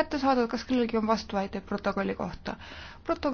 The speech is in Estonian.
kättesaadavad, kas kellelgi on vastuväide protokolli kohta Protok?